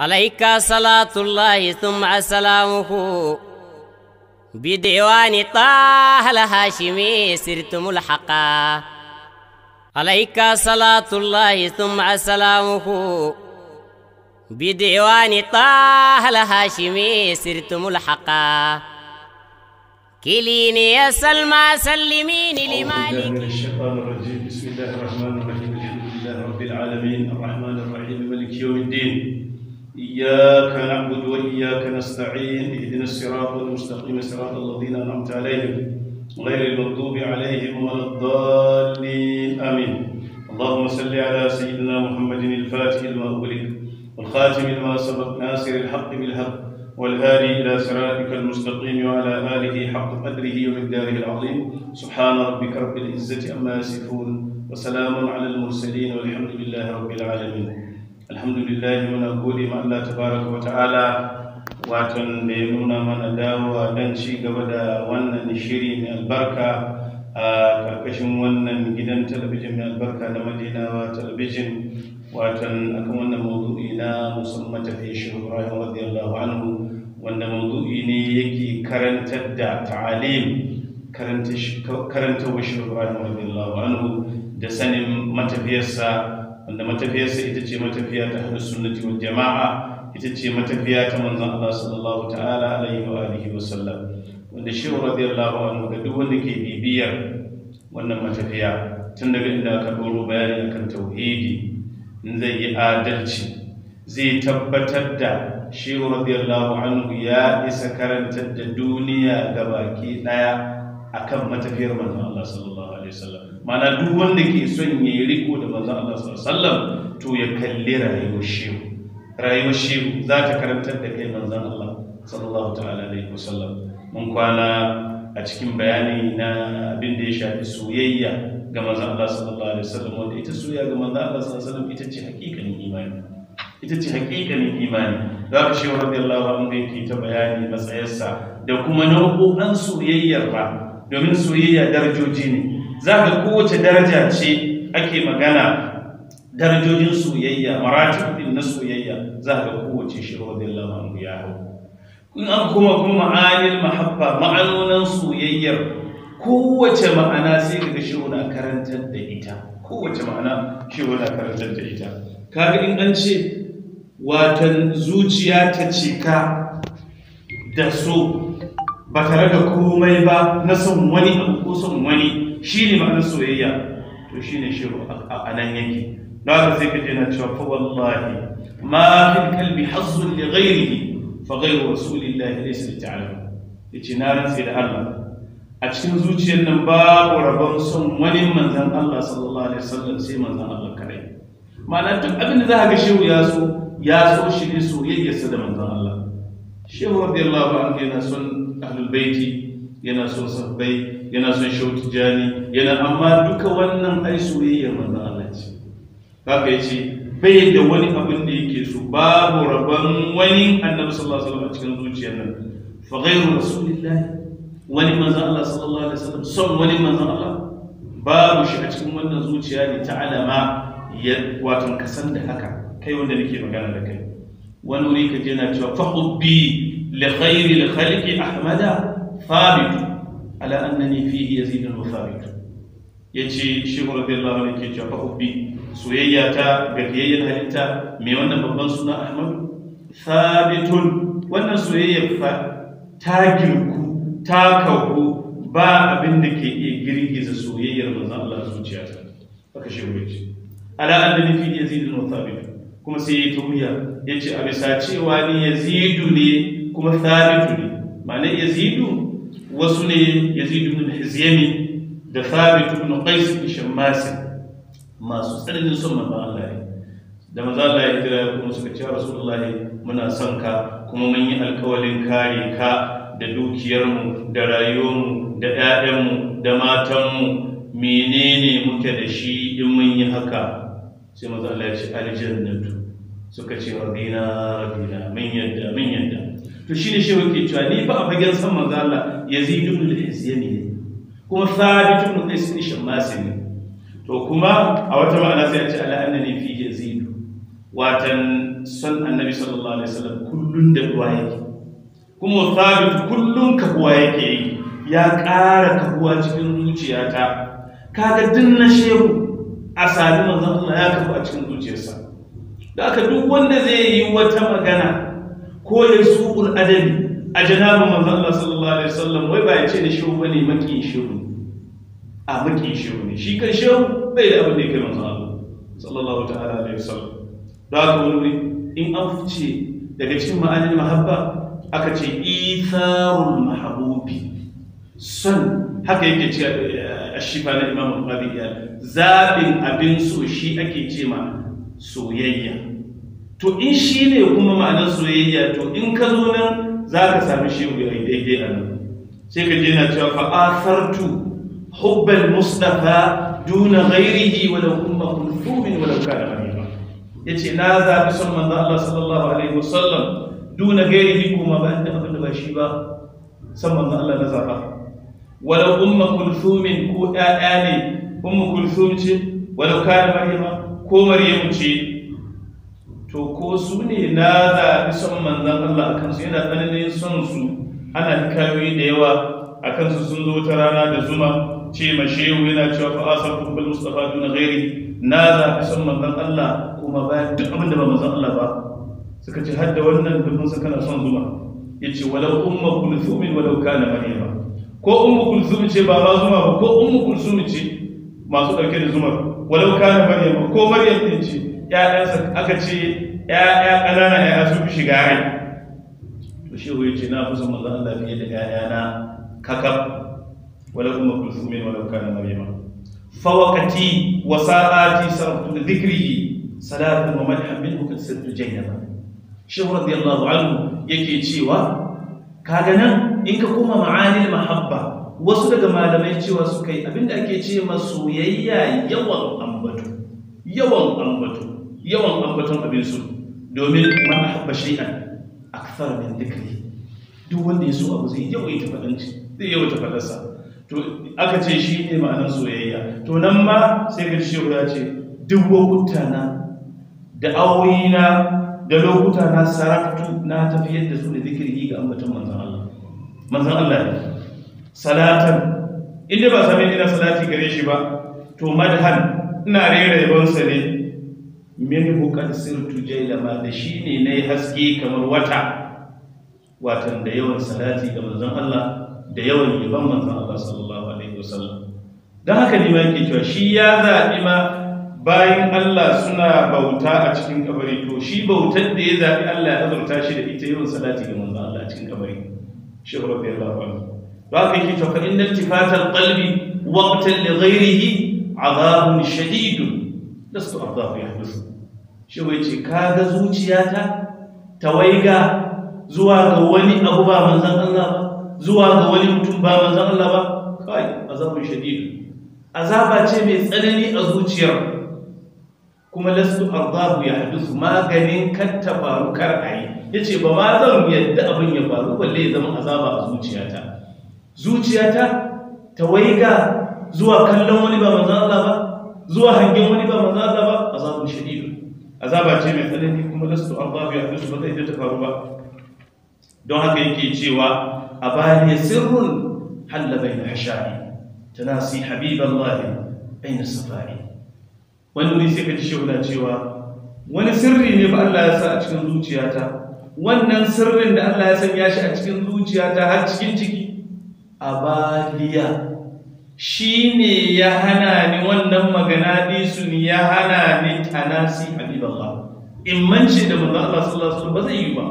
عليك صلاة الله ثم سلامه بديوان طه الهاشمي سرت ملحقا عليك صلاة الله ثم سلامه بديوان طه الهاشمي سرت ملحقا كليني يا سلمى سلميني لمالك من الشيطان الرجيم بسم الله الرحمن الرحيم الحمد لله رب العالمين الرحمن الرحيم ملك يوم الدين إياك نعبد وإياك نستعين اهدنا الصراط المستقيم صراط الذين أنعمت عليهم غير المغضوب عليهم ولا الضالين آمين اللهم صل على سيدنا محمد الفاتح لما والخاتم لما سبق ناصر الحق بالحق والهادي إلى صراطك المستقيم وعلى آله حق قدره ومقداره العظيم سبحان ربك رب العزة أما يصفون وسلام على المرسلين والحمد لله رب العالمين alhamdulillahi muna gode ma Allah tabaraka wa ta'ala watan da ya nuna mana dawowa don ci gaba da wannan shiri mai albarka a karkashin wannan gidan talabijin mai albarka na madinawa talabijin watan akan wannan maudu'i na musamman tafiye shi ibrahim radiyallahu anhu wanda maudu'i ne yake karantar da ta'alim karanta wa shi ibrahim radiyallahu anhu da sanin matafiyarsa wanda matafiyarsa ita ce matafiya ta hada sunnati wal jama'a ita ce matafiya ta manzan Allah sallallahu ta'ala alaihi wa alihi wa sallam wanda shehu radiyallahu anhu ga duk wanda ke bibiyar wannan matafiya tun daga inda aka doro bayani akan tauhidi in zai yi adalci zai tabbatar da shi shehu radiyallahu anhu ya isa karantar da duniya ga baki daya akan matafiyar manzon Allah sallallahu alaihi wasallam mana duk wanda ke son ya yi riko da manzon Allah sallallahu alaihi wasallam to ya kalli rayuwar shi rayuwar shi za ta karantar da kai manzon Allah sallallahu mun kwana a cikin bayani na abin da ya shafi soyayya ga manzon Allah sallallahu alaihi wanda ita soyayya ga manzon Allah sallallahu alaihi wasallam ita ce hakikanin imani ita ce hakikanin imani za ka shewa Allah wa ta bayani matsayarsa da kuma nau'o'an soyayyar ba domin soyayya darajoji ne za ka kowace daraja ce ake magana darajojin soyayya maratibin na soyayya za ka kowace shi radiyallahu ya hau in an kuma kuma ma'anil mahabba ma'anonan soyayyar kowace ma'ana sai ka ga shehu na karantar da ita kowace ma'ana shehu na karantar da ita kaga in an ce watan zuciya ta cika da so ba tare da komai ba na son wani abu ko son wani shi ne ma'anar soyayya to shi ne shiru a nan yake da haka sai ka jina cewa fa wallahi ma fi kalbi hazzun li ghairihi fa ghairu rasulillahi laysa ta'ala yace na rantsi da Allah a cikin zuciyar nan babu rabon son wani manzan Allah sallallahu alaihi wasallam sai manzan Allah kare ma'ana duk abin da za ka ga shehu ya so ya so shi ne soyayyarsa da manzan Allah shehu radiyallahu anhu yana son ahlul baiti yana son sabbai yana son shautu jani yana amma duka wannan ai soyayyar manzo Allah ce haka yace bai da wani abin da yake so babu rabon wani annabi sallallahu alaihi wasallam a cikin zuciyar nan fa ghairu rasulillahi wani manzo Allah sallallahu alaihi wasallam son wani manzo Allah babu shi a cikin wannan zuciya ne ta alama ya kasan da haka kai wanda nake magana da kai wani wuri ka je na cewa fa hubbi li khayri li khalqi ahmada thabit ala annani fihi yazid wa thabit yace shi radiyallahu anhu ke cewa fa soyayya ta ga fiyayyen halitta me wannan babban suna ahmad thabitun wannan soyayya fa ta girku ta kauku ba abin da ke iya girgiza soyayyar manzon Allah zuciyata haka shi wuce ala annani fihi yazid wa thabit kuma sai ya yi ta ya ce a bisa cewa ni yazidu ne kuma thabitu ne ma'anar yazidu wasu ne yazidu bin hizyami da thabitu bin qais bin shammasin masu tsananin son manzon Allah da maza Allah ya kuma suka ce rasulullahi muna son ka kuma mun yi alkawalin kare ka da dukiyarmu da rayuwarmu da ƴaƴanmu, da matanmu menene muke da shi in mun yi haka sai maza Allah ya ce aljannatu suka ce wa bina rabina min yadda min yadda to shi ne shi ke cewa ni ba a fagen san manzo Allah yazid ibn al ne kuma thabit ibn qais ibn shammas ne to kuma a wata ma'ana sai a ce ala annani fi yazid watan san annabi sallallahu alaihi wasallam kullun da kuwa yake kuma thabit kullun kabuwa yake yi ya ƙara kabuwa cikin zuciyata kaga dinna shehu a sami manzon Allah ya kafu a cikin zuciyarsa da aka duk wanda zai yi wata magana ko ya su'ul adabi a janabin manzon Allah sallallahu alaihi wasallam wai ba ya ce da shehu bane maki shehu a maki shehu ne shi kan shehu bai da abin da yake manzon Allah sallallahu ta'ala alaihi wasallam da aka wani in an fice daga cikin ma'anin mahabba aka ce itharul mahabubi son haka yake ce a shifa na imam al zaɓin zabin abin so shi ake ce ma soyayya to in shi ne kuma ma'anar soyayya to in ka zo nan za ka sami shi mai daidai a nan sai ka je na cewa asartu hubbal mustafa duna ghairihi wa law umma kulthumin wa law kana ghariba yace na zabi son manzo Allah sallallahu alaihi wasallam duna ghairihi kuma ba inda abin da ba shi ba san manzo Allah na zaba wa law umma kulthumin ko ƴaƴa ne umma kulthum ce wa law kana maryama ko maryamu ce to ko su ne na zaɓi son manzan Allah a kansu yana tsananin son su ana kayoyi da yawa a kansu sun zo ta rana da zuma ce Shehu yana cewa fa asar kubbal mustafa duna gairi na zaɓi son manzan Allah kuma bayan duk abin da ba manzan Allah ba suka ce har da wannan dukkan su kana son zuma ya ce walau umma kulsumin walau kana maryama ko umma kulsum ce ba ma zuma ba ko umma kulsum ce masu ɗauke da zumar walau kana maryam ko maryam din ce ya ɗansa aka ce ya ƴaƴa ƙanana ƴaƴa su fi shiga rai to shehu yace na fi son manzo Allah fiye da ƴaƴana kakab walau kuma kulsumin walau kana maryam fa waqati wa sa'ati sarftu dhikrihi salatu wa madhan minhu kasirtu jaynaba shehu radiyallahu anhu yake cewa kaga nan in ka koma ma'anil mahabba wasu daga malamai cewa su kai abinda ake ce ma soyayya yawan ambato yawan ambato yawan ambaton abin su domin man haba shay'an akthar min dhikri duk wanda ya so abu zai yawaita fadanci zai yawaita fadarsa to aka ce shi ne ma'anar soyayya to nan ma sai ga shi ya ce duk lokuta na da awoyi na da lokuta na saratu na tafiyar da su da zikiri ga ambaton manzon Allah manzon Allah salatan in ba sami ina salati gare shi ba to madhan ina rera yabonsa ne min hukar sirtu jailama da shi ne na yi haske kamar wata watan da yawan salati ga manzon Allah da yawan yaban manzon Allah sallallahu alaihi wasallam don haka ne ma yake cewa shi ya zaɓi ma bayan Allah suna bauta a cikin kabari to shi bautar da ya zaɓi Allah ya azurta shi da ita yawan salati ga manzon Allah a cikin kabari shi rabbi Allah ba ka yi to fa inna iltifatal qalbi waqtan li ghayrihi azabun shadidun lastu ya yahdusu shi wai ce ka ga zuciyata ta waiga zuwa ga wani abu ba manzan Allah ba zuwa ga wani mutum ba manzan Allah ba kai azabun shadidu azaba ce mai tsanani a zuciyar kuma lasu lastu ardahu yahdusu maganin kan ta faru kar a yi. Ya ce ba ma zan yadda abin ya faru balle ya zama azaba a zuciyata zuciyata ta waiga zuwa kallon wani ba manzan Allah ba zuwa hangen wani ba manzan Allah ba azabun shadid azaba ce mai tsanani kuma lastu an babu ya su ba zai ta faru ba don haka yake cewa a bani sirrun halla bayna hashari tanasi habiballahi bayna safari wani ne sai ka ji shauna cewa wani sirri ne ba Allah ya sa a cikin zuciyata wannan sirrin da Allah ya sanya shi a cikin zuciyata har cikin ciki abadiya shi ne ya hana ni wannan magana disun ya hana ni tanasi habiballah in manci da manzo Allah sallallahu alaihi ba zai yi ba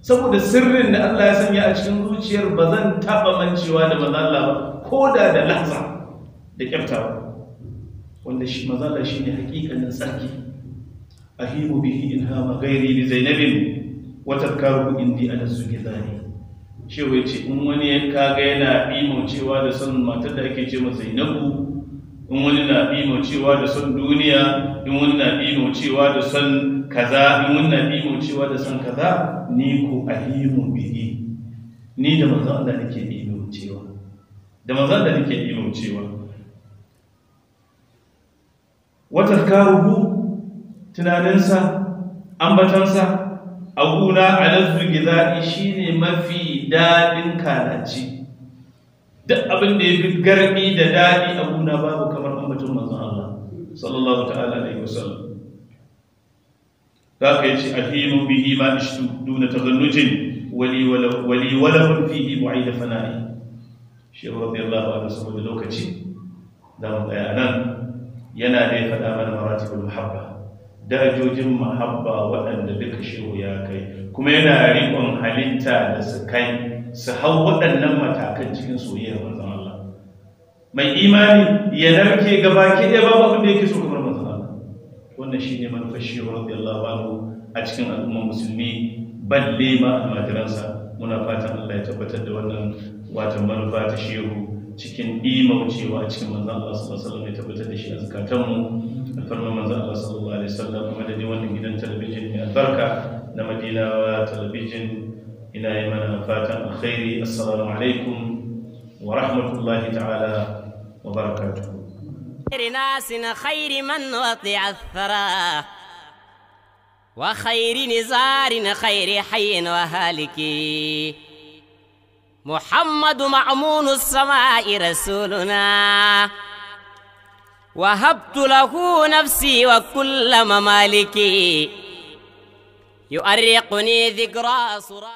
saboda sirrin da Allah ya sanya a cikin zuciyar ba zan taba mancewa da manzo Allah ba ko da da lahza da kyaftawa wanda shi manzo Allah shine hakikanin sarki ahimu bihi in hama ghairi li zainabin wa tadkaru indi ala ne. shehu bai ce in wani ya kaga yana cewa da son matar da ake ce masa inabu in wani na cewa da son duniya in wani na cewa da son kaza in wani na cewa da son kaza ni ko alimu bihi ni da manzon Allah nake cewa da manzon Allah nake imaucewa watar karuhu tunaninsa ambatansa a guna alazzu gizaɗi shine mafi daɗin kalaci duk abin da ya fi garbi da daɗi a guna babu kamar ambatin manzon Allah sallallahu ta'ala alaihi wasallam za ka yi ci alhinu bihi ma ishtu duna tazannujin wali wala fihi mu'ida fana'i shi rabbi Allah wa saboda lokaci da mu nan yana da ya faɗa mana maratibul muhabba Dajojin mahabba waɗanda duka shehu ya kai kuma yana rikon halitta da su kai su hau waɗannan matakan cikin soyayya manzan Allah mai imani ya narke gaba ke, ɗaya babu abin da yake so kamar manzan Allah wannan shine manufar shehu radiyallahu anhu a cikin al'ummar musulmi balle ma almajiransa muna fatan Allah ya tabbatar da wannan watan manufa ta shehu cikin imaucewa cikin manzan Allah sallallahu alaihi wasallam ya tabbatar da shi a zakatanmu alfarma manzan Allah sallallahu alaihi wasallam madadi wannan gidan talabijin mai albarka na Madinawa talabijin ina yi mana fatan alkhairi assalamu alaikum wa rahmatullahi ta'ala wa barakatuh ناس خير من وطع الثرى وخير نزار خير حي وهالك محمد معمون السماء رسولنا وهبت له نفسي وكل ممالكي يؤرقني ذكرى صراخ